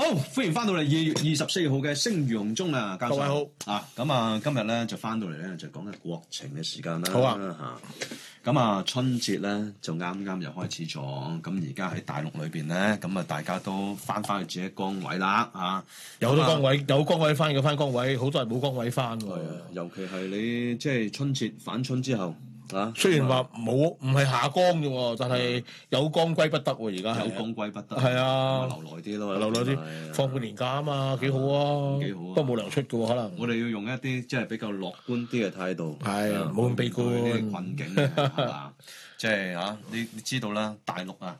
好，歡迎翻到嚟二月二十四號嘅《聲如洪鍾》啊，教授。各位好啊，咁啊，今日咧就翻到嚟咧就講緊國情嘅時間啦。好啊，嚇！咁啊，春節咧就啱啱又開始咗，咁而家喺大陸裏邊咧，咁啊大家都翻翻去自己崗位啦，啊，有崗位有崗位翻嘅翻崗位，好、啊、多人冇崗位翻喎、啊。尤其係你即係、就是、春節返春之後。雖然話冇唔係下崗啫，但係有崗歸不得喎，而家有崗歸不得，係啊，留耐啲咯，留耐啲，放半年假啊嘛，幾好啊，幾好啊，不過冇糧出噶可能。我哋要用一啲即係比較樂觀啲嘅態度，係冇咁悲觀啲嘅困境嘅，即係吓，你你知道啦，大陸啊，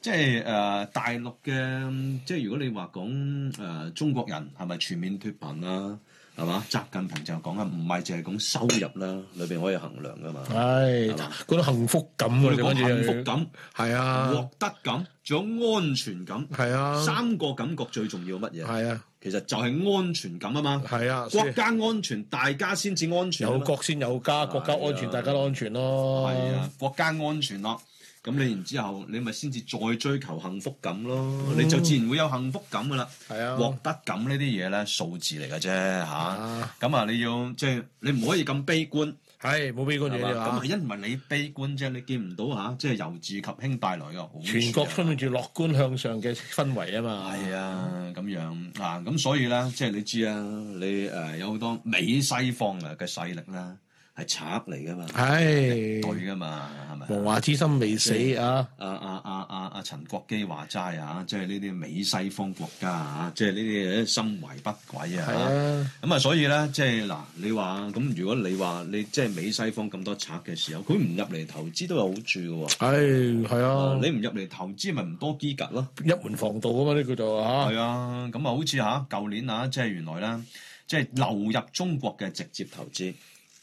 即係誒，大陸嘅即係如果你話講誒，中國人係咪全面脫貧啊？係嘛？習近平就講緊，唔係淨係講收入啦，裏邊可以衡量噶嘛。係嗰種幸福感，嗰種幸福感，係啊，獲得感，仲有安全感，係啊，三個感覺最重要乜嘢？係啊，其實就係安全感啊嘛。係啊，國家安全，大家先至安全。有國先有家，國家安全，大家都安全咯。係啊，國家安全咯。咁你然之後，你咪先至再追求幸福感咯，你就自然會有幸福感噶啦。係啊，獲得感呢啲嘢咧，數字嚟嘅啫嚇。咁啊呀，嗯、你要即係你唔可以咁悲觀。係冇悲觀嘢。咁啊，因為你悲觀啫，你見唔到嚇，即係由治及興帶來嘅。全國充滿住樂觀向上嘅氛圍啊嘛。係、嗯、啊，咁、哎、樣嗱，咁、嗯嗯、所以咧，即係你知啊，你誒有好多美西方啊嘅勢力啦。係賊嚟噶嘛？唉，係對噶嘛？係咪？王華之心未死啊！阿阿阿阿阿陳國基話齋啊！即係呢啲美西方國家啊！即係呢啲心懷不軌啊！咁啊，所以咧，即係嗱，你話咁，如果你話你即係美西方咁多賊嘅時候，佢唔入嚟投資都有好處嘅喎。係係呀啊！你唔入嚟投資咪唔多機格咯？一門防盜噶嘛，呢叫做吓。係啊！咁啊，好似吓舊年啊，即係原來咧，即係流入中國嘅直接投資。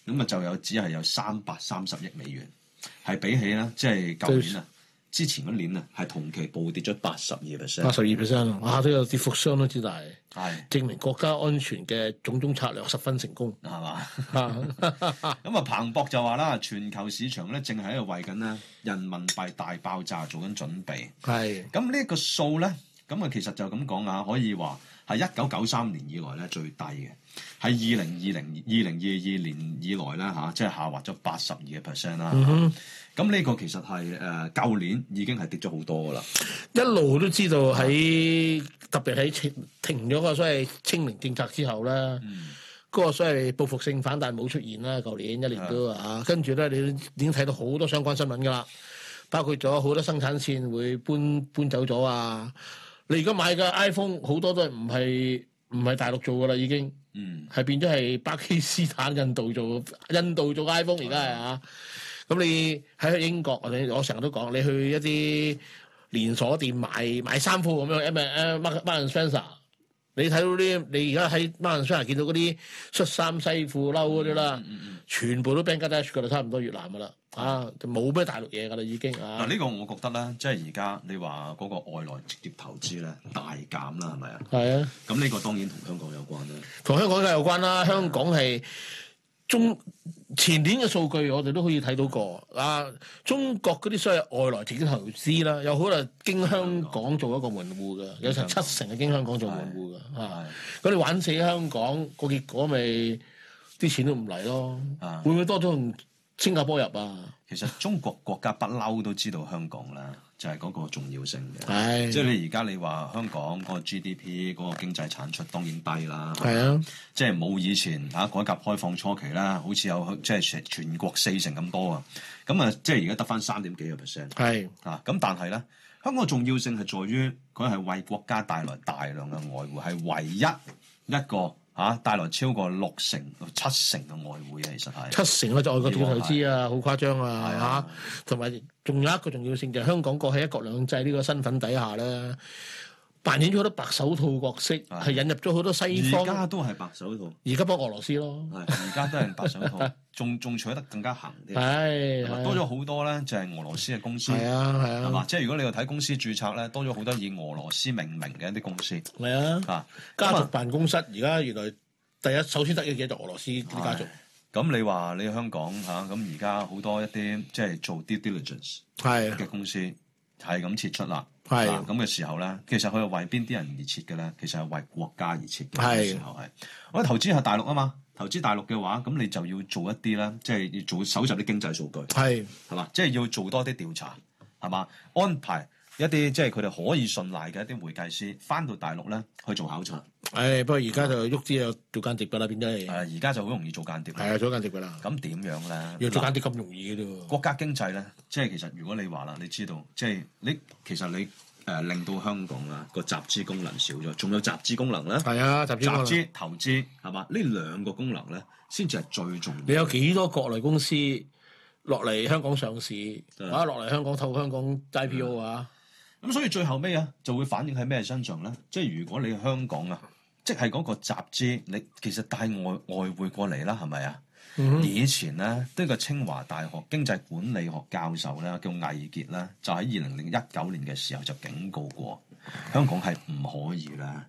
咁啊，就只有只係有三百三十億美元，係比起啦，即係舊年啊，對之前嗰年啊，係同期暴跌咗八十二 percent，八十二 percent 啊，都有跌幅相當之大，係是的 證明國家安全嘅種種策略十分成功，係嘛？咁啊，彭博就話啦，全球市場咧，正係喺度為緊咧人民幣大爆炸做緊準備，係咁呢個數咧。咁啊，其實就咁講啊，可以話係一九九三年以來咧最低嘅，喺二零二零二零二二年以來咧嚇，即係下滑咗八十二個 percent 啦。咁呢、mm hmm. 個其實係誒舊年已經係跌咗好多噶啦，一路都知道喺特別喺停停咗個所謂清零政策之後咧，嗰個、mm hmm. 所謂報復性反彈冇出現啦。舊年一年都啊，跟住咧你已經睇到好多相關新聞噶啦，包括咗好多生產線會搬搬走咗啊。你而家買嘅 iPhone 好多都唔係唔係大陸做噶啦，已經，係變咗係巴基斯坦、印度做，印度做 iPhone 而家係啊。咁你喺英國，我成日都講，你去一啲連鎖店買買衫褲咁樣，一咪誒 M&S，Marks and Spencer。你睇到啲，你而家喺馬來西亞見到嗰啲恤衫西褲褸嗰啲啦，嗯嗯嗯、全部都 Bangladesh 啦，差唔多越南嘅啦、嗯啊，啊，就冇咩大陸嘢嘅啦已經啊。嗱，呢個我覺得咧，即係而家你話嗰個外來直接投資咧大減啦，係咪啊？係啊。咁呢個當然同香港有關啦，同香港又有關啦、啊，香港係。中前年嘅數據，我哋都可以睇到過啊！中國嗰啲所謂外來自己投資啦，有好多人經香港做一個門戶㗎，有成七成係經香港做門戶㗎係。咁你玩死香港，個結果咪、就、啲、是、錢都唔嚟咯。的會唔會多咗同新加坡入啊？其實中國國家不嬲都知道香港啦，就係嗰個重要性嘅。的即係你而家你話香港嗰個 GDP 嗰個經濟產出當然低啦。係啊的，的即係冇以前嚇改革開放初期啦，好似有即係全國四成咁多啊。咁啊的，即係而家得翻三點幾個 percent。係啊，咁但係咧，香港重要性係在於佢係為國家帶來大量嘅外匯，係唯一一個。嚇，帶來、啊、超過六成、到七成嘅外匯啊，其實係七成就外國投資啊，好的誇張啊，嚇的！同埋仲有一個重要性就係香港過喺一國兩制呢個身份底下咧。扮演咗好多白手套角色，係引入咗好多西方。而家都係白手套。而家幫俄羅斯咯。係，而家都係白手套，仲仲取得更加行啲。係，多咗好多咧，就係俄羅斯嘅公司。係啊，係啊。係嘛，即係如果你又睇公司註冊咧，多咗好多以俄羅斯命名嘅一啲公司。係啊。吓家族辦公室，而家原來第一首先得益嘅嘢就俄羅斯啲家族。咁你話你喺香港吓咁而家好多一啲即係做 due diligence 係嘅公司，係咁撤出啦。係咁嘅時候咧，其實佢係為邊啲人而設嘅咧？其實係為國家而設嘅時候係。我投資係大陸啊嘛，投資大陸嘅話，咁你就要做一啲咧，即係要做搜集啲經濟數據，係係嘛，即係要做多啲調查，係嘛，安排。一啲即係佢哋可以信賴嘅一啲會計師，翻到大陸咧去做考察。誒、哎，不過而家就喐啲、啊、做間諜噶啦，變咗係。誒，而家就好容易做間諜。係啊，做間諜噶啦。咁點樣咧？要做間諜咁容易嘅啫喎。國家經濟咧，即係其實如果你話啦，你知道，即係你其實你誒、呃、令到香港啦個集資功能少咗，仲有集資功能咧？係啊，集資，資投資係嘛？呢兩個功能咧，先至係最重要。要。你有幾多國內公司落嚟香港上市？嚇、啊，落嚟香港透過香港 IPO 啊？咁所以最後尾啊，就會反映喺咩身上咧？即係如果你香港啊，即係嗰個集資，你其實帶外外匯過嚟啦，係咪啊？Mm hmm. 以前咧，呢個清華大學經濟管理學教授咧，叫魏杰啦，就喺二零一九年嘅時候就警告過，香港係唔可以啦，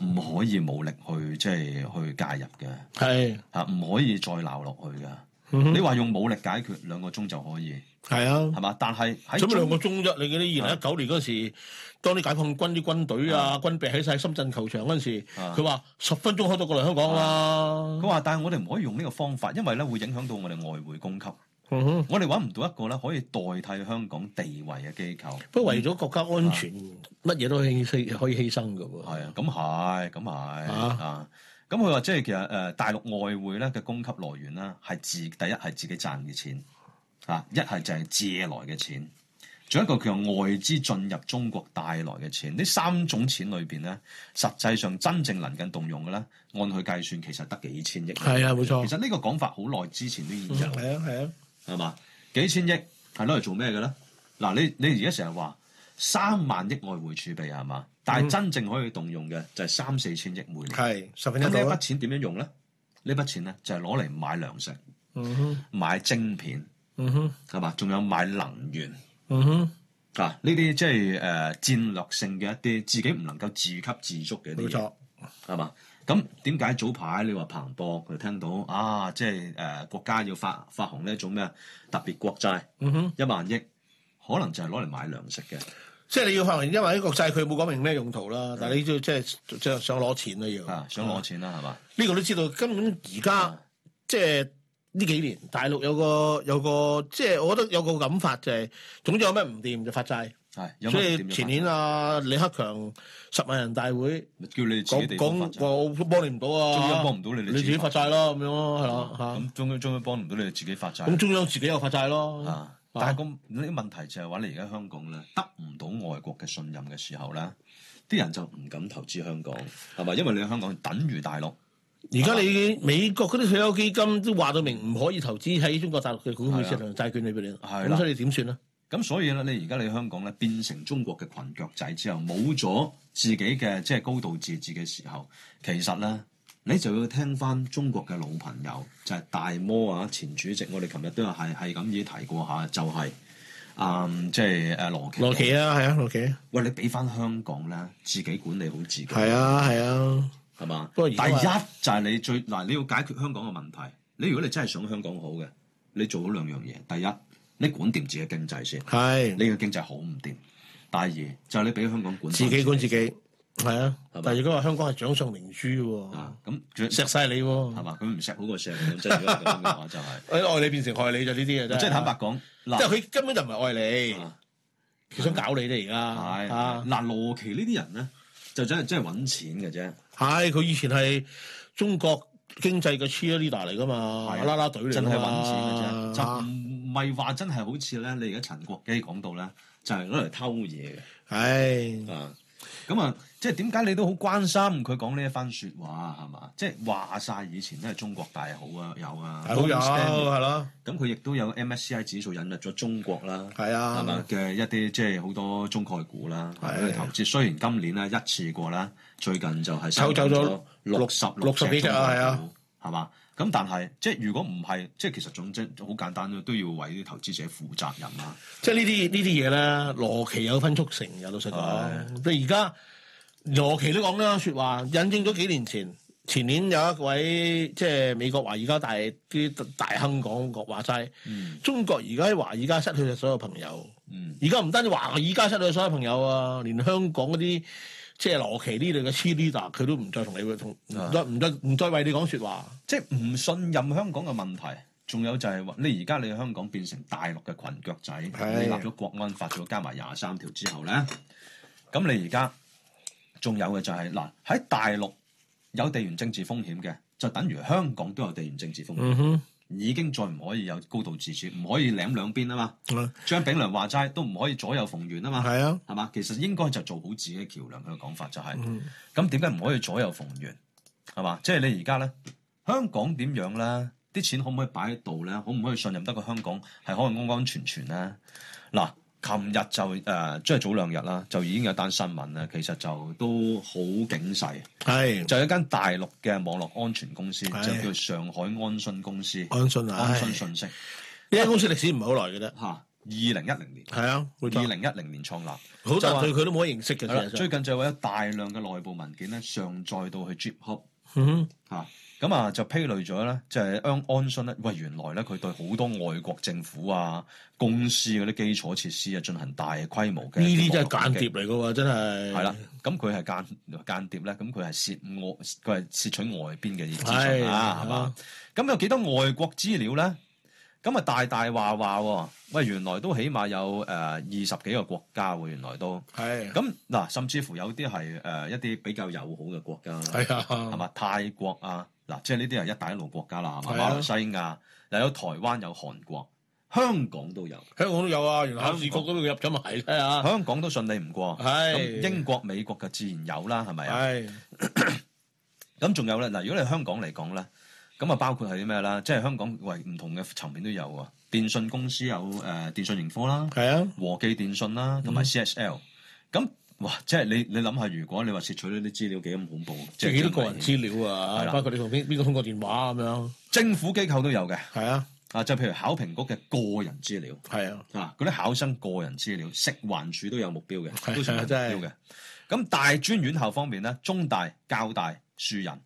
唔可以武力去即係去介入嘅，係吓唔可以再鬧落去噶。Mm hmm. 你話用武力解決，兩個鐘就可以。係啊，係嘛？但係，喺乜兩個鐘啫？你嗰啲二零一九年嗰時，啊、當啲解放軍啲軍隊啊，啊軍備喺晒深圳球場嗰時，佢話十分鐘開到過嚟香港啦、啊。佢話、啊，但係我哋唔可以用呢個方法，因為咧會影響到我哋外匯供給。啊、我哋搵唔到一個咧可以代替香港地位嘅機構。不過、嗯、為咗國家安全，乜嘢、啊、都可以犧牲噶喎。係啊，咁係，咁係啊。咁佢話即係其實誒，大陸外匯咧嘅供給來源啦，係自第一係自己賺嘅錢。啊！一係就係借來嘅錢，仲有一個叫外資進入中國帶來嘅錢。呢三種錢裏邊咧，實際上真正能夠動用嘅咧，按佢計算其實得幾千億。係啊，冇錯。其實呢個講法好耐之前都已經有，係、嗯、啊，係啊，係嘛？幾千億係攞嚟做咩嘅咧？嗱，你你而家成日話三萬億外匯儲備係嘛？但係真正可以動用嘅就係三四千億每年。係、嗯、十分之多。咁呢筆錢點樣用咧？呢筆錢咧就係攞嚟買糧食，嗯、哼買晶片。嗯哼，係嘛？仲有買能源，嗯哼，啊，呢啲即係誒戰略性嘅一啲，自己唔能夠自給自足嘅，冇錯，係嘛？咁點解早排你話彭博佢聽到啊，即係誒國家要發發行呢一種咩特別國債，嗯哼，一萬億，可能就係攞嚟買糧食嘅，即係你要發行一萬億國債，佢冇講明咩用途啦，但係你即係即係想攞錢啦要，啊，想攞錢啦係嘛？呢個都知道，根本而家即係。呢幾年大陸有個有個，即係我覺得有個諗法就係、是，總之有咩唔掂就發債。係，所以前年啊李克強十萬人大會叫你哋自己地方發債，我幫你唔到啊，中央幫唔到你，你自己發債咯咁樣咯，係嘛嚇？咁中央中央幫唔到你哋自己發債，咁中央自己又發債咯。債債啊，啊但係咁呢啲問題就係話你而家香港咧得唔到外國嘅信任嘅時候咧，啲人就唔敢投資香港係咪？因為你香港等於大陸。而家你美國嗰啲退休基金都話到明，唔可以投資喺中國大陸嘅股市同債券裏邊你。係，咁所以點算咧？咁所以咧，你而家你香港咧變成中國嘅裙腳仔之後，冇咗自己嘅即係高度自治嘅時候，其實咧你就要聽翻中國嘅老朋友，就係大摩啊前主席，我哋琴日都係係咁意提過下，就係啊即係阿羅奇。羅奇啊，係啊，羅奇。喂，你俾翻香港咧，自己管理好自己。係啊，係啊。係嘛？第一就係你最嗱，你要解決香港嘅問題。你如果你真係想香港好嘅，你做好兩樣嘢。第一，你管掂自己經濟先。係。你個經濟好唔掂？第二就係你俾香港管。自己管自己。係啊。但係如果話香港係掌上明珠，咁錫晒你係嘛？佢唔錫好過錫。就係愛你變成害你就呢啲嘢。即係坦白講，即係佢根本就唔係愛你，佢想搞你哋而家。係。嗱羅奇呢啲人咧，就真係真係搵錢嘅啫。係佢、哎、以前係中國經濟嘅、cheer leader 嚟噶嘛，拉拉隊嚟噶嘛，真係搵錢嘅咋，啊、就唔係話真係好似咧，你而家陳國基講到咧，就係攞嚟偷嘢嘅，唉、哎。咁啊，即係點解你都好關心佢講呢一番說話啊？係嘛，即係話晒以前都係中國大好啊，有啊，好有係啦。咁佢亦都有、啊、有 MSCI 指數引入咗中國啦，係啊，嘅一啲即係好多中概股啦，去、啊啊、投資。雖然今年咧一次過啦，最近就係抽走咗六十六十幾隻啊，係啊，係嘛、啊。咁但係，即係如果唔係，即係其實總之好簡單咯，都要為啲投資者負責任啦。即係呢啲呢啲嘢咧，羅奇有分促成嘅，老實講。你而家羅奇都講啦，說話引證咗幾年前前年有一位即係美國華爾街大啲大亨講過話齋，嗯、中國而家喺華爾街失去咗所有朋友。嗯，而家唔單止華爾街失去咗所有朋友啊，連香港嗰啲。即係羅奇呢類嘅黐啲啦，佢都唔再同你，同唔再唔再唔再為你講說話，即係唔信任香港嘅問題。仲有就係話，你而家你香港變成大陸嘅裙腳仔，的你立咗國安法，再加埋廿三條之後咧，咁你而家仲有嘅就係、是、嗱，喺大陸有地緣政治風險嘅，就等於香港都有地緣政治風險。嗯哼已經再唔可以有高度自主，唔可以擰兩邊啊嘛。 張炳良話齋都唔可以左右逢源啊嘛。係啊，係嘛？其實應該就做好自己橋梁嘅講法就係、係。咁點解唔可以左右逢源？係嘛？即係你而家咧，香港點樣咧？啲錢可唔可以擺喺度咧？可唔可以信任得個香港係可以安安全全咧？嗱。琴日就誒，即係早兩日啦，就已經有單新聞啦。其實就都好警世，係就一間大陸嘅網絡安全公司，就叫上海安洵公司。安洵信息呢間公司歷史唔係好耐嘅啫，嚇，二零一零年係啊，二零一零年創立，就對佢都冇乜認識嘅。最近就有咗大量嘅內部文件咧，上載到去 GitHub，嗯嚇。咁啊，就披露咗咧，就係安安洵咧。喂，原來咧，佢對好多外國政府啊、公司嗰啲基礎設施啊進行大規模嘅呢啲，真係間，間諜嚟噶喎，真係。係啦，咁佢係間間諜咧，咁佢係竊外，佢係竊取外邊嘅資訊啦，係嘛？咁有幾多外國資料咧？咁啊，大大話話、哦，喂，原來都起碼有誒二十幾個國家喎、哦，原來都係咁嗱，甚至乎有啲係誒一啲比較友好嘅國家，係啊，係嘛？泰國啊，嗱，即係呢啲係一帶一路國家啦，係嘛、啊？馬來西亞又、啊、有台灣，有韓國，香港都有，香港都有啊，原來考試局都入咗埋啊，啊香港都順利唔過，係、啊、英國、美國就自然有啦，係咪啊？係、啊，咁仲 有咧嗱，如果你香港嚟講咧。咁啊，包括係啲咩啦？即係香港，喂，唔同嘅層面都有啊。電信公司有誒、呃、電訊盈科啦，係啊，和記電訊啦，同埋 CSL。咁、嗯、哇，即係你你諗下，如果你話竊取咗啲資料幾咁恐怖？即係幾多個人資料啊？啊包括你同邊邊個通過電話咁、啊、樣？啊、政府機構都有嘅，係啊，啊就譬如考評局嘅個人資料，係啊，啊嗰啲考生個人資料，食環署都有目標嘅，都成嘅。咁、就是、 大專院校方面咧，中大、教大、樹仁、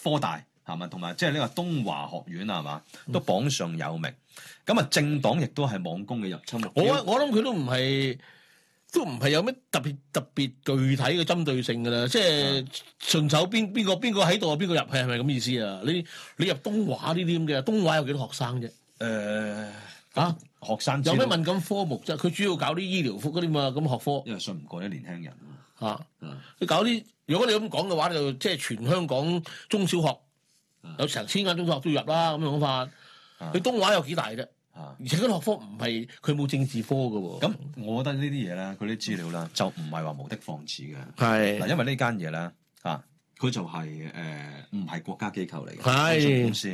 科大。同埋即係呢個東華學院啊嘛，都榜上有名。咁啊、嗯，政黨亦都係網工嘅入侵。我我諗佢都唔係，都唔係有咩特別特別具體嘅針對性噶啦。即係順手邊邊個邊個喺度，邊個入去，係咪咁意思啊？你你入東華呢啲咁嘅東華有幾多學生啫？誒、欸、啊，學生有咩敏感科目啫？佢主要搞啲醫療科嗰啲嘛，咁學科。因為信唔過啲年輕人吓、啊，你搞啲如果你咁講嘅話，就即係全香港中小學。有成千間中學都要入啦，咁樣講法。佢的東華有幾大啫？的而且佢學科唔係佢冇政治科嘅。咁我覺得呢啲嘢咧，佢啲資料咧就唔係話無的放矢嘅。係嗱的，因為呢間嘢咧，啊、就是，佢就係誒唔係國家機構嚟嘅，係的公司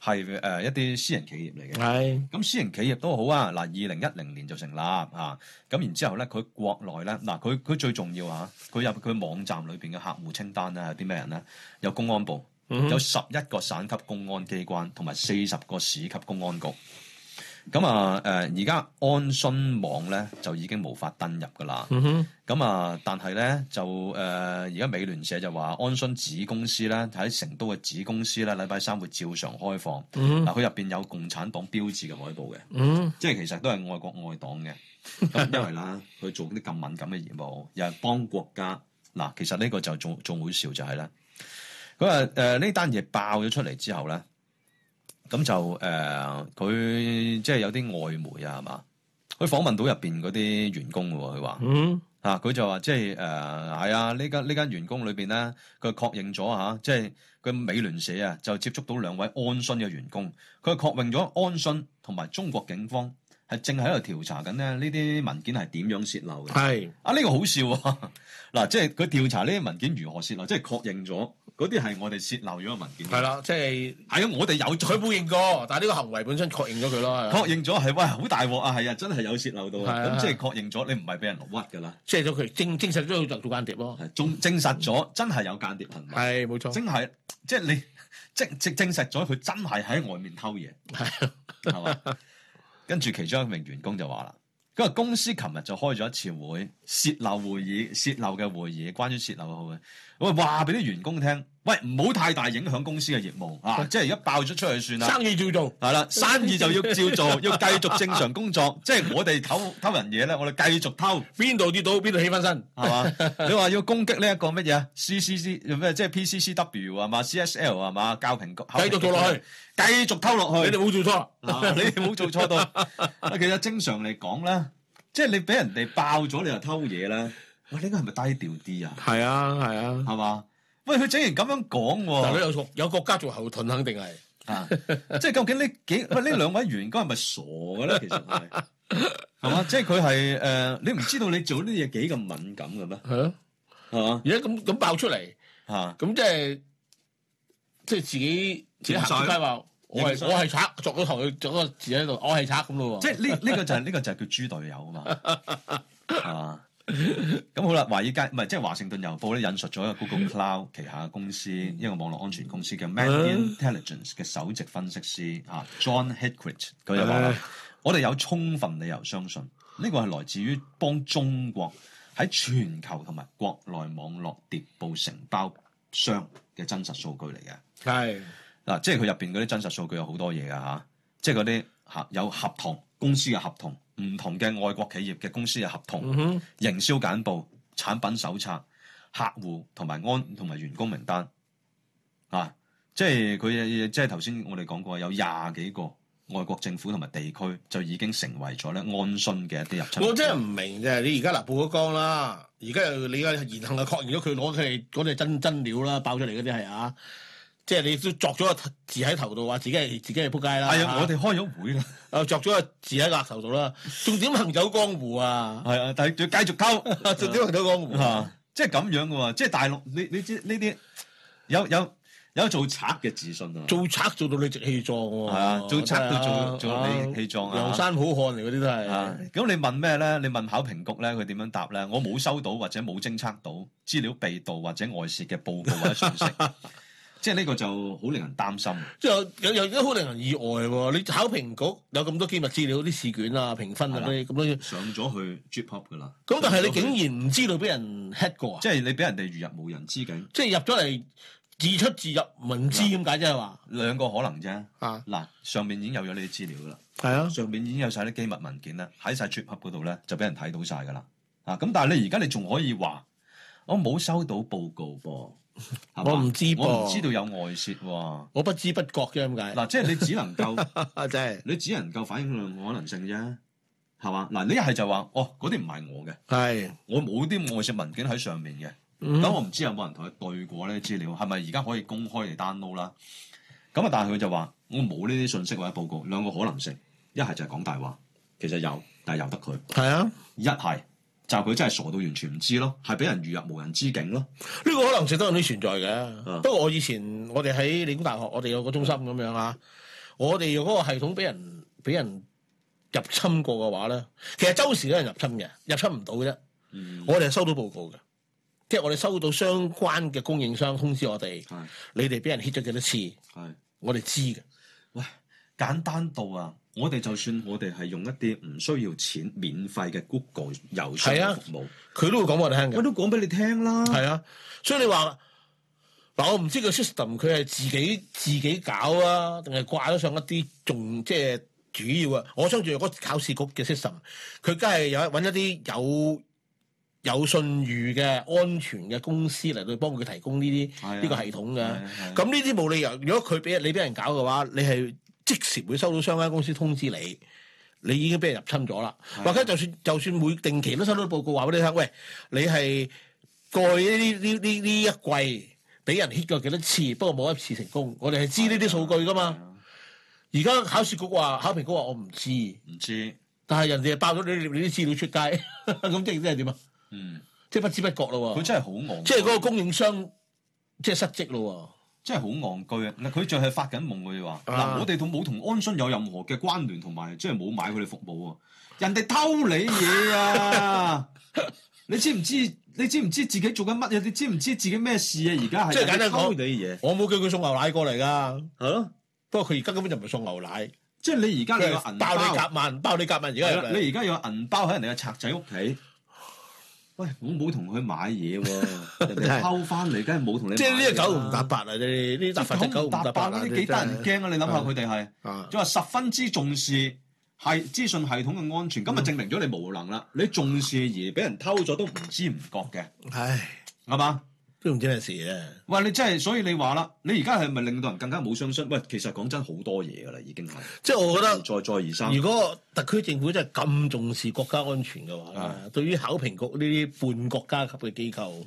係誒一啲私人企業嚟嘅。係咁的私人企業都好啊。嗱，二零一零年就成立啊。咁然之後咧，佢國內咧嗱，佢佢最重要啊，佢入佢網站裏邊嘅客戶清單啊，有啲咩人咧？有公安部。 有十一個省級公安機關同埋四十個市級公安局，咁啊，誒，而家安信網咧就已經無法登入噶啦。咁啊， 但係咧就誒，而家美聯社就話安洵子公司咧喺成都嘅子公司咧禮拜三會照常開放。嗱，佢入邊有共產黨標誌嘅海報嘅， 即係其實都係愛國愛黨嘅。咁 因為啦，佢做啲咁敏感嘅業務，又係幫國家。嗱，其實呢個就仲仲好笑就係咧。佢話誒呢單嘢爆咗出嚟之後咧，咁就誒佢、呃、即係有啲外媒啊，係嘛？佢訪問到入邊嗰啲員工嘅，佢話，嗯，啊佢就話即係誒係啊呢間呢間員工裏邊咧，佢確認咗吓、啊，即係佢美聯社啊就接觸到兩位安洵嘅員工，佢確認咗安洵同埋中國警方係正喺度調查緊咧呢啲文件係點樣泄漏嘅。係是啊呢、呢個好笑啊！嗱，即係佢調查呢啲文件如何泄漏，即係確認咗。嗰啲係我哋泄漏咗個文件，係啦，即係係啊！我哋有佢冇認過，但係呢個行為本身確認咗佢咯，確認咗係，喂好大鑊啊！係啊，真係有泄漏到，咁即係確認咗你唔係俾人屈㗎啦，即係咗佢證證實咗佢做間諜咯，仲證實咗真係有間諜行為，係冇錯，真係即係你即即證實咗佢真係喺外面偷嘢，係嘛？跟住其中一名員工就話啦。咁啊！公司琴日就開咗一次會，泄漏會議，泄漏嘅會議，關於泄漏嘅會議，我話俾啲員工聽。喂，唔好太大影響公司嘅業務啊！即係而家爆咗出去算啦，生意照做係啦，生意就要照做，要繼續正常工作。即係我哋偷偷人嘢咧，我哋繼續偷，邊度跌到邊度起翻身，係嘛？你話要攻擊呢一個乜嘢？C C C，咩即係 P C C W 係嘛？C S L 係嘛？交評局繼續做落去，繼續偷落去，你哋冇做錯，你哋冇做錯到。其實正常嚟講咧，即係你俾人哋爆咗，你又偷嘢咧，你應該係咪低調啲啊？係啊，係啊，係嘛？喂，佢竟然咁樣講，有國家做後盾肯定係，啊，即係究竟呢幾？喂，呢兩位員工係咪傻嘅咧？其實係，係嘛？即係佢係誒，你唔知道你做呢啲嘢幾咁敏感嘅咩？係咯，係嘛？而家咁咁爆出嚟，吓咁即係，即係自己自己行街話，我係我係賊，鑿咗頭去，鑿個字喺度，我係賊咁咯。即係呢呢個就係呢個就係叫豬隊友嘛。啊！咁 好啦，華爾街唔係，即係華盛頓郵報咧，引述咗一個 Google Cloud 旗下嘅公司，嗯、一個網絡安全公司嘅 Mandiant Intelligence 嘅首席分析師吓、嗯、John Hickey 咁又話啦、嗯，嗯、我哋有充分理由相信呢個係來自於幫中國喺全球同埋國內網絡諜報承包商嘅真實數據嚟嘅。係嗱、嗯嗯，即係佢入邊嗰啲真實數據有好多嘢噶吓，即係嗰啲合有合同。公司嘅合同，唔同嘅外國企業嘅公司嘅合同，營銷、嗯、哼簡報、產品手冊、客戶同埋安同埋員工名單，啊，即係佢，即係頭先我哋講過，有廿幾個外國政府同埋地區就已經成為咗咧安洵嘅一啲入侵。我真係唔明嘅，你而家嗱報咗光啦，而家又你嘅言行又確認咗佢攞佢哋啲係真真料啦，爆出嚟嗰啲係啊。即係你都作咗個字喺頭度，話自己係自己係扑街啦。係、哎、呀啊，我哋開咗會啦， 作咗個字喺額頭度啦，仲點行走江湖啊？係啊，但係仲要繼續溝，仲點行走江湖啊？即係咁樣噶喎，即係大陸，你你知呢啲有有有做賊嘅自信啊？做賊做到理直氣壯，係啊，做賊都做做理氣壯啊！梁山好漢嚟嗰啲都係。咁、啊、你問咩咧？你問考評局咧，佢點樣答咧？我冇收到或者冇偵測到資料被盜或者外泄嘅報告或信息。 即係呢個就好令人擔心，即係有有有啲好令人意外。你考評局有咁多機密資料，啲試卷啊、評分啊、咁的多上咗去 GitHub 噶啦。咁但係你竟然唔知道俾人 hit 過、啊,即係你俾人哋如入無人之境，即係入咗嚟自出自入文，未知咁解啫嘛？即係話兩個可能啫。啊，嗱，上面已經有咗呢啲資料噶啦，係啊的，上面已經有晒啲機密文件啦，喺晒 GitHub 嗰度咧就俾人睇到晒噶啦。啊，咁但係你而家你仲可以話我冇收到報告噃？我唔知，我唔知道有外泄，啊。我不知不覺啫，咁解。嗱，即係你只能夠，即係、 就是、你只能夠反映兩個可能性啫，係嘛？嗱，呢一係就話，哦，嗰啲唔係我嘅，係是我冇啲外泄文件喺上面嘅。咁、嗯、我唔知有冇人同佢對過呢啲資料，係咪而家可以公開嚟 download 啦？咁啊，但係佢就話我冇呢啲信息或者報告，兩個可能性。一係就係講大話，其實有，但係由得佢。係啊，一係。就佢真係傻到完全唔知咯，係俾人如入無人之境咯。呢個可能值得有啲存在嘅。嗯、不過我以前我哋喺理工大學，我哋有個中心咁樣啊。嗯、我哋嗰個系統俾人俾人入侵過嘅話咧，其實周時都有人入侵嘅，入侵唔到嘅啫。嗯、我哋係收到報告嘅，即係我哋收到相關嘅供應商通知我哋，是你哋俾人 hit 咗幾多次，是我哋知嘅。喂，簡單到啊！我哋就算我哋係用一啲唔需要錢、免費嘅 Google 郵箱服務，佢、啊、都會講我聽嘅。我都講俾你聽啦。係啊，所以你話嗱，我唔知個 system 佢係自己自己搞啊，定係掛咗上一啲仲即係主要啊。我相信如果考試局嘅 system，佢梗係有揾一啲有有信譽嘅、安全嘅公司嚟到幫佢提供呢啲呢個系統嘅。咁呢啲冇理由，如果佢俾你俾人搞嘅話，你係。即時會收到相關公司通知你，你已經俾人入侵咗啦。的或者就算就算每定期都收到報告話俾你聽，喂，你係過去呢呢呢呢一季俾人 hit 過幾多次，不過冇一次成功。我哋係知呢啲數據噶嘛。而家考試局話，考評局話，我唔知，唔知。但係人哋係爆咗你你啲資料出街，咁 即係即係點啊？嗯，即係不知不覺咯。佢真係好戇。即係嗰個供應商，即係失職咯。真係好戇居啊！嗱，佢仲係發緊夢喎，你話嗱，我哋同冇同安洵有任何嘅關聯，同埋即係冇買佢哋服務啊。人哋偷你嘢啊！你知唔知？你知唔知自己做緊乜嘢？你知唔知自己咩事啊？而家係即係簡單講，偷你嘢。我冇叫佢送牛奶過嚟㗎，嚇、啊！不過佢而家根本就唔係送牛奶。即係你而家有銀包，你夾萬，包你夾萬。而家你而家有銀包喺人哋嘅賊仔屋企，喂，我冇同佢買嘢喎、啊，人哋偷翻嚟，梗係冇同你。即係呢隻九唔搭八啊，呢呢隻九唔搭八啦，呢幾得人驚啊！你諗下佢哋係，再話十分之重視係資訊系統嘅安全，咁咪、嗯、證明咗你無能啦！你重視嘅嘢俾人偷咗都唔知唔覺嘅，唉，啱唔啱？都唔知咩事嘅，喂！你真係所以你話啦，你而家係咪令到人更加冇信心？喂，其實講真好多嘢噶啦，已經係，即係我覺得再再而三。如果特區政府真係咁重視國家安全嘅話，對於考評局呢啲半國家級嘅機構，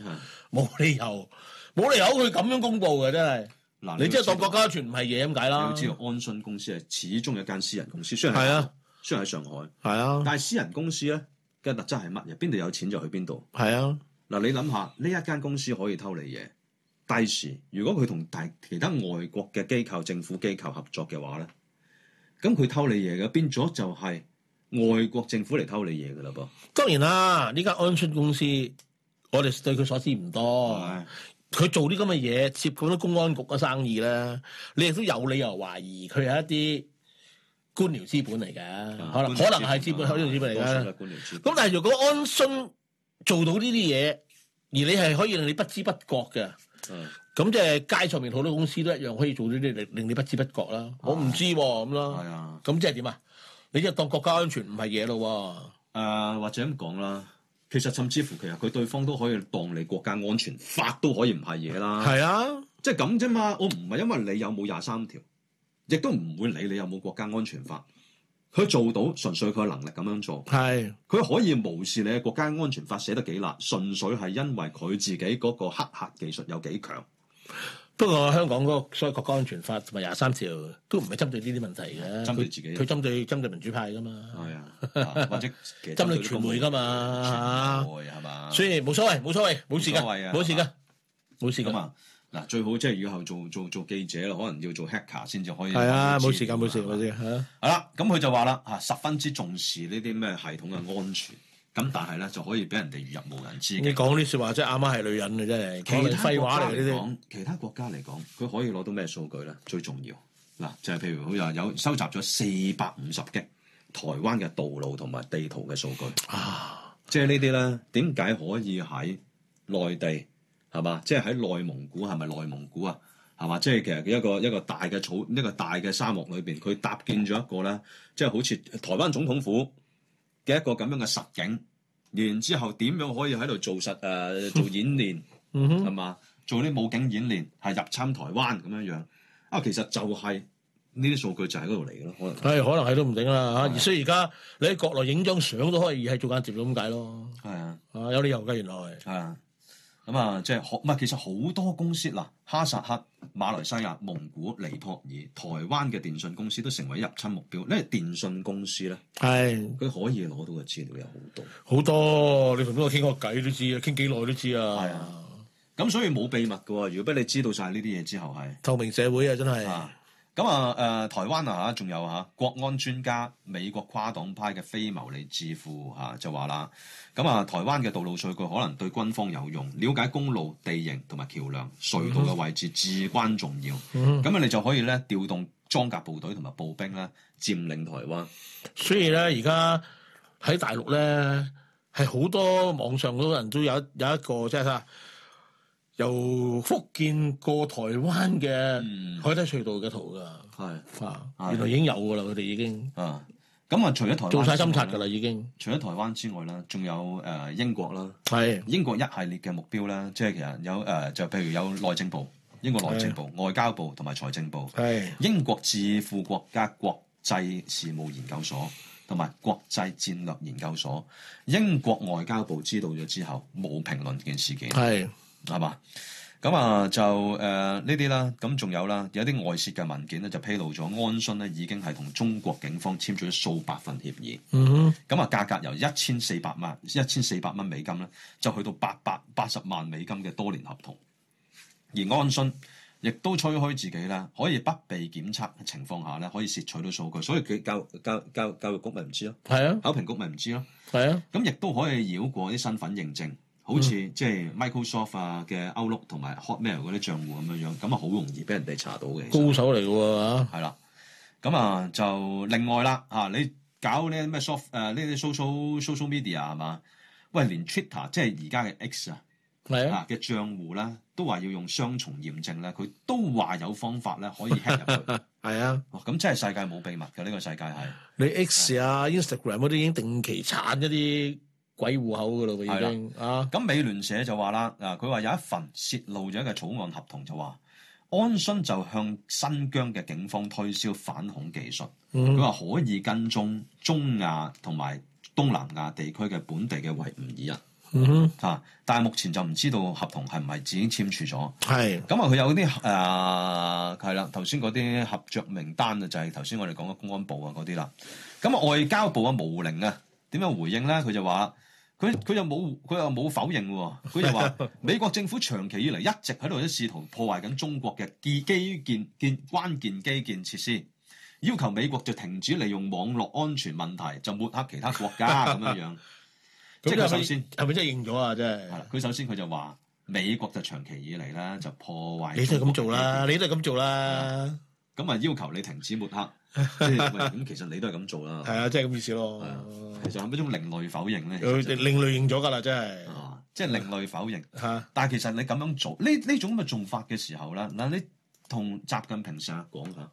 冇理由冇理由佢咁樣公佈嘅，真係。嗱，你即係當國家安全唔係嘢咁解啦。你要知道安洵公司係始終一間私人公司，雖然係啊，雖然喺上海係啊，但係私人公司咧嘅特質係乜嘢？邊度有錢就去邊度，係啊。嗱，你諗下呢一間公司可以偷你嘢，第時如果佢同大其他外國嘅機構、政府機構合作嘅話咧，咁佢偷你嘢嘅，變咗就係外國政府嚟偷你嘢嘅啦噃。當然啦，呢間安洵公司，我哋對佢所知唔多，佢的做啲咁嘅嘢，涉及咗公安局嘅生意咧，你亦都有理由懷疑佢係一啲官僚資本嚟噶，資可能可能係資本，偷咗資本嚟噶。咁但係如果安洵做到呢啲嘢，而你係可以令你不知不覺嘅，咁、嗯、即係街上面好多公司都一樣可以做到啲令令你不知不覺啦。啊、我唔知咁啦，咁、啊、即係點啊？你即係當國家安全唔係嘢咯？誒、呃，或者咁講啦，其實甚至乎其實佢對方都可以當你國家安全法都可以唔係嘢啦。係啊，即係咁啫嘛。我唔係因為你有冇廿三條，亦都唔會理你有冇國家安全法。佢做到純粹佢嘅能力咁樣做，係佢可以無視你國家安全法寫得幾辣，純粹係因為佢自己嗰個黑客技術有幾強。不過香港嗰個所謂國家安全法同埋廿三條都唔係針對呢啲問題嘅，針對自己，佢針對針對民主派噶嘛，係啊，或者針對傳媒噶嘛，傳媒係嘛，所以冇所謂，冇所謂，冇事噶，冇事噶，冇事噶嘛。嗱，最好即係以後做做做記者咯，可能要做 Hacker 先至可以。係啊，冇時間，冇時間先。係啦吧，咁佢吧、啊、就話啦嚇，十分之重視呢啲咩系統嘅安全。咁、嗯、但係咧，就可以俾人哋入，無人知。你講啲説話即係阿媽係女人嘅真係，廢話嚟講。其他國家嚟講，佢可以攞到咩數據咧？最重要嗱，就係、是、譬如佢話有收集咗四百五十 G 台灣嘅道路同埋地圖嘅數據。嗯、啊！即係呢啲咧，點解可以喺內地？係嘛？即係喺內蒙古，係咪內蒙古啊？係嘛？即係其實一個一個大嘅草，一個大嘅沙漠裏邊，佢搭建咗一個咧，即係好似台灣總統府嘅一個咁樣嘅實景。然之後點樣可以喺度做實誒做演練？嗯哼，係嘛？做啲武警演練係入侵台灣咁樣樣。啊，其實就係呢啲數據就喺嗰度嚟嘅咯，可能係可能係都唔定啦嚇。所以而家你喺國內影張相都可以係做間諜咁解咯。係啊，啊有理由㗎原來。係啊。咁啊，即係好唔係？其實好多公司嗱，哈薩克、馬來西亞、蒙古、尼泊爾、台灣嘅電信公司都成為入侵目標。因為電信公司咧，係佢是可以攞到嘅資料有好多，好多。你同邊個傾個偈都知，都知啊，傾幾耐都知啊。係啊，咁所以冇秘密㗎。如果俾你知道晒呢啲嘢之後，係透明社會啊，真係。咁啊誒、呃，台灣啊吓，仲有吓、啊、國安專家，美國跨黨派嘅非牟利智庫吓就話啦。咁啊，台灣嘅道路數據可能對軍方有用，了解公路地形同埋橋梁隧道嘅位置至關重要。咁啊、嗯哼，你就可以咧調動裝甲部隊同埋步兵啦，佔領台灣。所以咧，而家喺大陸咧係好多網上嗰人都有有一個即係。就是由福建過台灣嘅海底隧道嘅圖噶，係啊、嗯，原來已經有噶啦，佢哋的已經啊，咁啊、嗯，除咗台灣做晒偵查噶啦，已經除咗台灣之外啦，仲有誒、呃、英國啦，係的英國一系列嘅目標啦，即係其實有誒、呃，就譬如有內政部、英國內政部、的外交部同埋財政部，係的英國智庫國家國際事務研究所同埋國際戰略研究所，英國外交部知道咗之後，冇評論呢件事件，係的。的係嘛？咁啊就誒、呃、呢啲啦，咁仲有啦，有啲外泄嘅文件咧就披露咗，安洵咧已經係同中國警方簽咗數百份協議。咁啊價格由一千四百蚊一千四百蚊美金咧，就去到八百八十萬美金嘅多年合同。而安洵亦都吹噓自己啦，可以不被檢測嘅情況下咧，可以攝取到數據，所以佢教教教教育局咪唔知咯，係啊，考評局咪唔知咯，係啊，咁亦都可以繞過啲身份認證。好似即係 Microsoft 啊嘅 Outlook 同埋 Hotmail 嗰啲賬戶咁樣樣，咁啊好容易俾人哋查到嘅。高手嚟嘅係啦。咁啊就另外啦吓，你搞呢啲咩 soft 誒呢啲 social social media 係嘛？喂，連 Twitter 即係而家嘅 X 的啊，係啊嘅賬戶啦，都話要用雙重驗證咧，佢都話有方法咧可以 hack 入去。係 啊，咁、哦、真係世界冇秘密嘅，呢、這個世界係。你 X 啊、的 Instagram 嗰啲已經定期產一啲。鬼戶口噶咯，佢已經啊！咁美聯社就話啦，啊佢話有一份泄露咗嘅草案合同就話，安洵就向新疆嘅警方推銷反恐技術，佢話、嗯、可以跟蹤中亞同埋東南亞地區嘅本地嘅維吾爾人。嗯、哼啊！但係目前就唔知道合同係唔係已經簽署咗。係咁啊，佢有啲誒係啦，頭先嗰啲合作名單啊，就係頭先我哋講嘅公安部啊嗰啲啦。咁啊，外交部啊，毛寧啊，點樣回應咧？佢就話。佢佢又冇佢又冇否認喎，佢就話美國政府長期以嚟一直喺度都試圖破壞緊中國嘅建基建建關鍵基建設施，要求美國就停止利用網絡安全問題就抹黑其他國家咁樣樣。 即係佢首先係咪 真係認咗啊？真係。係啦，佢首先佢就話美國就長期以嚟啦，就破壞你就。立你都咁做啦，你都咁做啦。咁啊！要求你停止抹黑，即係咁。其實你都係咁做啦。係 啊，即係咁意思咯、 啊。其實有一種另類否認咧，另類認咗噶啦，真係。啊，即係另類否認。吓，但係其實你咁樣做呢呢種咁嘅做法嘅時候咧，嗱，你同習近平成日講噶，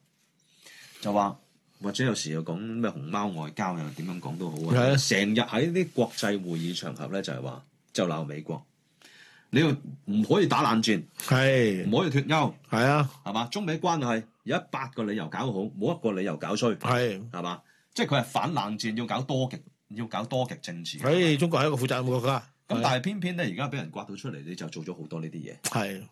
就話或者有時又講咩熊貓外交又點樣講都好啊。係啊，成日喺啲國際會議場合咧，就係話就鬧美國。你又唔可以打冷戰，係唔是可以脱鈎，係啊，係嘛？中美關係有一百個理由搞好，冇一個理由搞衰，係係嘛？即係佢係反冷戰，要搞多極，要搞多極政治。係，中國係一個負責任國家，咁但係偏偏咧，而家俾人刮到出嚟，你就做咗好多呢啲嘢。係，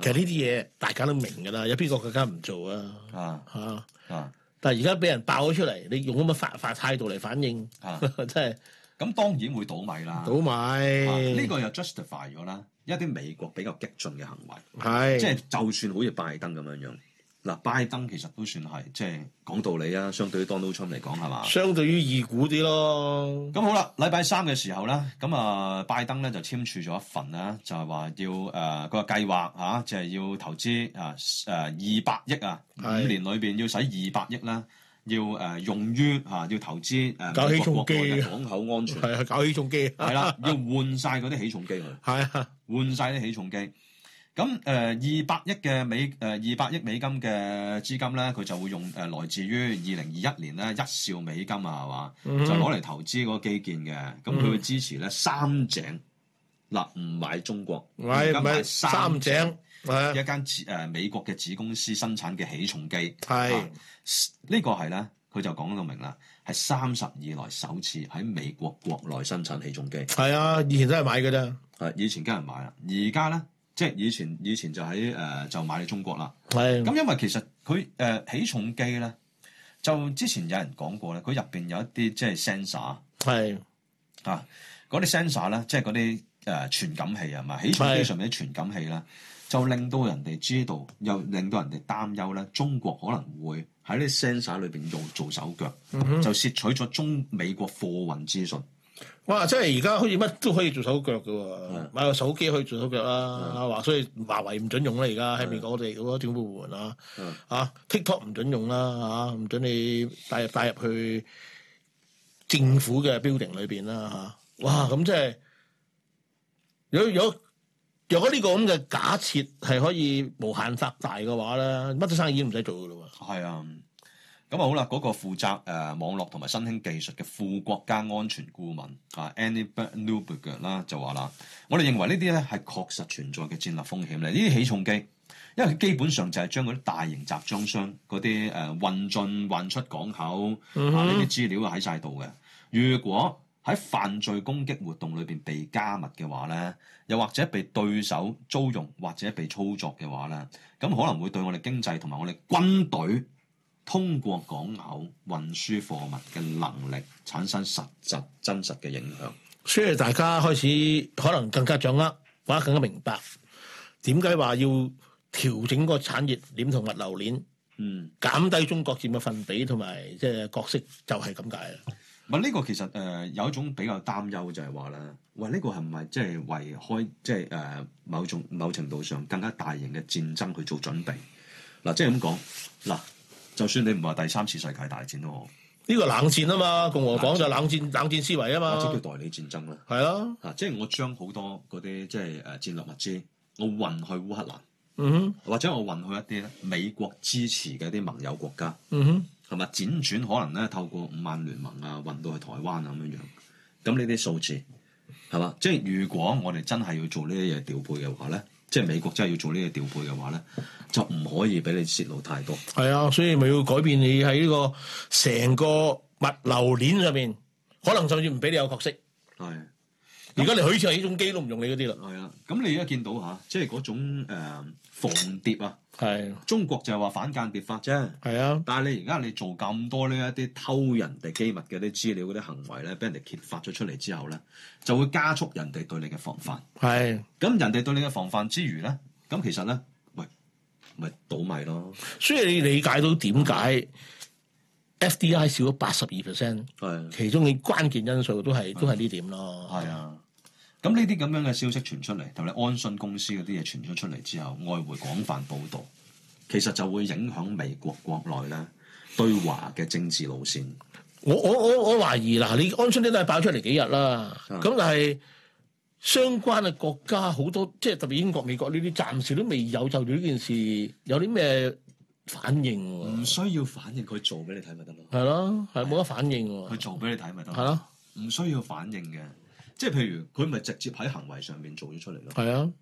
其實呢啲嘢大家都明噶啦，有邊個國家唔做啊？啊啊！啊但係而家俾人爆咗出嚟，你用咁嘅法反態度嚟反應，真係、啊。咁當然會倒米啦，倒米呢、啊這個又 justify 咗啦，一啲美國比較激進嘅行為，係是即係就算好似拜登咁樣樣，嗱拜登其實都算係即係講道理啊，相對於 Donald Trump 嚟講係嘛？相對於二股啲咯，咁好啦，禮拜、嗯、三嘅時候咧，咁啊拜登咧就簽署咗一份啦，就係話要誒佢嘅計劃、啊、就係、是、要投資啊誒二百億啊，是五年裏邊要使二百億啦。要誒用於嚇，要投資誒。搞起重機，港口安全係係搞起重機，係啦了， 要換晒嗰啲起重機去。係啊，換晒啲起重機。咁誒， 二百億嘅美誒，二百億美金嘅資金咧，佢就會用誒，來自於二零二一年咧，一兆美金啊，係嘛？Mm hmm. 就攞嚟投資嗰基建嘅。咁佢會支持咧三井，嗱唔、mm hmm. 啊、買中國，而家買，買三井。三井啊、一間子、呃、美國嘅子公司生產嘅起重機，係、啊啊這個、呢個係咧，佢就講到明啦，係三十年以來首次喺美國國內生產起重機。係啊，以前都係買嘅啫，係、啊、以前家人買啦，而家咧即係以前以前就喺誒、呃、就買中國啦。係咁、啊，因為其實佢誒、呃、起重機咧，就之前有人講過咧，佢入邊有一啲即係 sensor 係啊，嗰啲、啊、sensor 咧，即係嗰啲誒傳感器係嘛？起重機上面啲傳感器啦。就令到人哋知道，又令到人哋擔憂咧。中國可能會喺啲 sensor 裏邊用做手腳，嗯嗯就竊取咗中美國貨運資訊。哇！即係而家好似乜都可以做手腳嘅、啊，的買個手機可以做手腳啦、啊。話的、啊、所以華為唔準用啦、啊，而家喺美國地嗰個政府部門啊，啊 TikTok 唔準用啦，啊唔準你帶入帶入去政府嘅 building 裏邊啦嚇。哇！咁即係如果如果。如果呢個咁嘅假設係可以無限擴大嘅話咧，乜都生意已經唔使做嘅咯喎。係啊，咁啊好啦，嗰、那個負責誒、呃、網絡同埋新興技術嘅副國家安全顧問啊，Anne Neuberger 啦、啊、就話啦，我哋認為呢啲咧係確實存在嘅戰略風險嚟。呢啲起重機，因為佢基本上就係將嗰啲大型集裝箱嗰啲誒運進運出港口啊，呢啲、mm hmm. 啊、資料喺晒度嘅。如果喺犯罪攻擊活動裏邊被加密嘅話咧，又或者被對手租用或者被操作嘅話咧，咁可能會對我哋經濟同埋我哋軍隊通過港口運輸貨物嘅能力產生實質真實嘅影響。所以大家開始可能更加掌握，或者更加明白點解話要調整個產業鏈同物流鏈，嗯，減低中國佔嘅份比同埋即係角色就，就係咁解啦。唔呢個其實誒有一種比較擔憂、這個，就係話咧，喂呢個係唔係即係為開即係誒某種某程度上更加大型嘅戰爭去做準備？嗱、啊，即係咁講，嗱、啊，就算你唔話第三次世界大戰都好，呢個冷戰啊嘛，共和黨就冷戰冷戰，冷戰思維啊嘛，即叫代理戰爭啦，係啊，嚇、啊，即係我將好多嗰啲即係誒戰略物資，我運去烏克蘭，嗯哼，或者我運去一啲咧美國支持嘅啲盟友國家，嗯哼。同埋輾轉可能咧，透過五萬聯盟啊，運到去台灣啊咁樣樣。咁呢啲數字係嘛？即係如果我哋真係要做呢啲嘢調配嘅話咧，即係美國真係要做呢啲調配嘅話咧，就唔可以俾你泄露太多。係啊，所以咪要改變你喺呢個成個物流鏈上面，可能甚至唔俾你有角色。係、啊。而家你許似係呢種機都唔用你嗰啲啦。係啦、啊。咁你而家見到吓，即係嗰種、呃防諜啊！係的中國就係話反間諜法啫。係啊的！但係你而家你做咁多呢一啲偷人哋機密嘅啲資料嗰啲行為咧，俾人哋揭發咗出嚟之後咧，就會加速人哋對你嘅防範。係的。咁人哋對你嘅防範之餘咧，咁其實咧，喂，咪倒米咯。所以你理解到點解 FDI 少咗八十二 percent？係。的其中嘅關鍵因素都係的都係呢點咯。係啊。咁呢啲咁樣嘅消息傳出嚟，同你安信公司嗰啲嘢傳咗出嚟之後，外匯廣泛報道，其實就會影響美國國內咧對華嘅政治路線。我我我我懷疑啦，你安洵啲都係爆出嚟幾日啦，咁係吧但係相關嘅國家好多，即係特別英國、美國呢啲，暫時都未有就住呢件事有啲咩反應。唔需要反應，佢做俾你睇咪得咯。係咯，係冇得反應。佢做俾你睇咪得。係咯吧，唔需要反應嘅。即係譬如佢咪直接喺行為上面做咗出嚟咯，係是啊，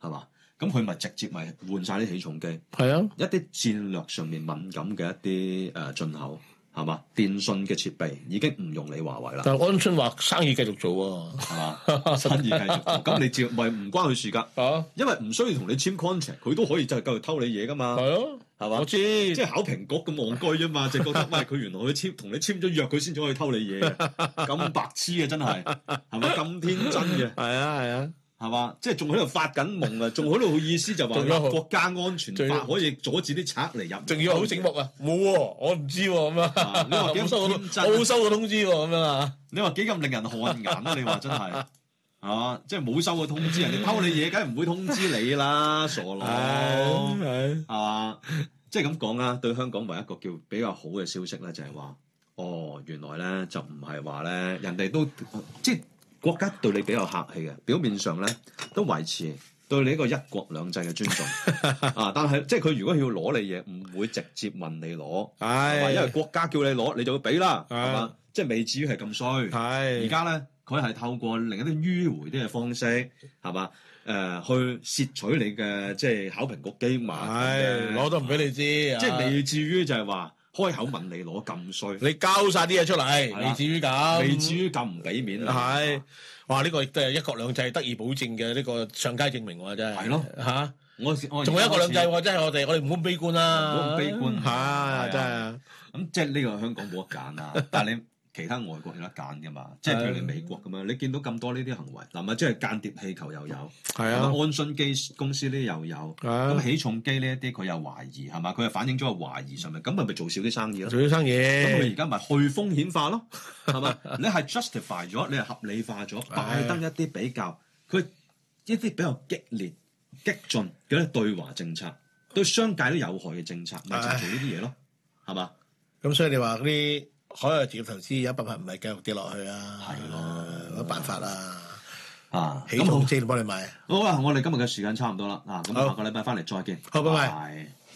係嘛？咁佢咪直接咪換晒啲起重機，係是啊，一啲戰略上面敏感嘅一啲誒、呃、進口。係嘛？電信嘅設備已經唔用你華為啦。但係安洵話生意繼續做喎，係嘛？生意繼續做，咁你照咪唔關佢事噶？因為唔需要同你簽 contract，佢都可以就係繼續偷你嘢噶嘛。係咯，係嘛？我知，即係考評局咁戇居啫嘛，就覺得喂，佢原來佢簽同你簽咗約，佢先至可以偷你嘢，咁白痴嘅真係，係咪咁天真嘅？係啊，係啊。係嘛？即係仲喺度發緊夢啊！仲喺度意思就話、是、國家安全法可以阻止啲賊嚟入，仲要好醒目啊！冇、啊，我唔知咁啊！你話幾天真，冇收過通知喎？咁樣啊？你話幾咁令人汗顏啊？你話真係，係嘛？即係冇收過通知， 人哋偷你嘢，梗係唔會通知你啦， 傻佬係嘛？即係咁講啊，對香港唯一個叫比較好嘅消息咧，就係、是、話哦，原來咧就唔係話咧，人哋都即係。即國家對你比較客氣嘅，表面上咧都維持對你一個一國兩制嘅尊重 啊，但係即係佢如果要攞你嘢，唔會直接問你攞，係是因為國家叫你攞，你就要俾啦，係嘛是？即係未至於係咁衰。係而家咧，佢係透過另一啲迂迴啲嘅方式，係嘛？誒、呃，去竊取你嘅即係考評局機密，係攞是都唔俾你知，啊、即係未至於就係話。開口問你攞咁衰，你交晒啲嘢出嚟，你至於咁，你至於咁唔俾面啊？係。哇！呢個亦都係一國兩制得以保證嘅呢個上佳證明，真係。係咯，吓！我仲有一國兩制，真係我哋我哋唔好悲觀啦。唔悲觀，吓？真係。咁即係呢個香港冇得揀啦，但係你。其他外國有得揀嘅嘛，即係譬如你美國咁樣，你見到咁多呢啲行為，嗱嘛，即係間諜氣球又有，咁、啊、安洵信息公司呢又有，咁起、啊、重機呢一啲佢又懷疑係嘛，佢又反映咗個懷疑上面，咁咪咪做少啲生意咯？做少生意，咁咪而家咪去風險化咯，係嘛？ 你係 justify 咗，你係合理化咗，啊、拜登一啲比較佢一啲比較激烈、激進嘅對華政策，對商界都有害嘅政策，咪就做呢啲嘢咯，係嘛、啊？咁 所以你話啲。海外直接投資有一百萬唔係繼續跌落去啊，係咯的，冇、啊、辦法啦啊，咁好先幫你買。好啦，我哋今日嘅時間差唔多啦，好啊，咁下個禮拜翻嚟再見，好拜拜。拜拜。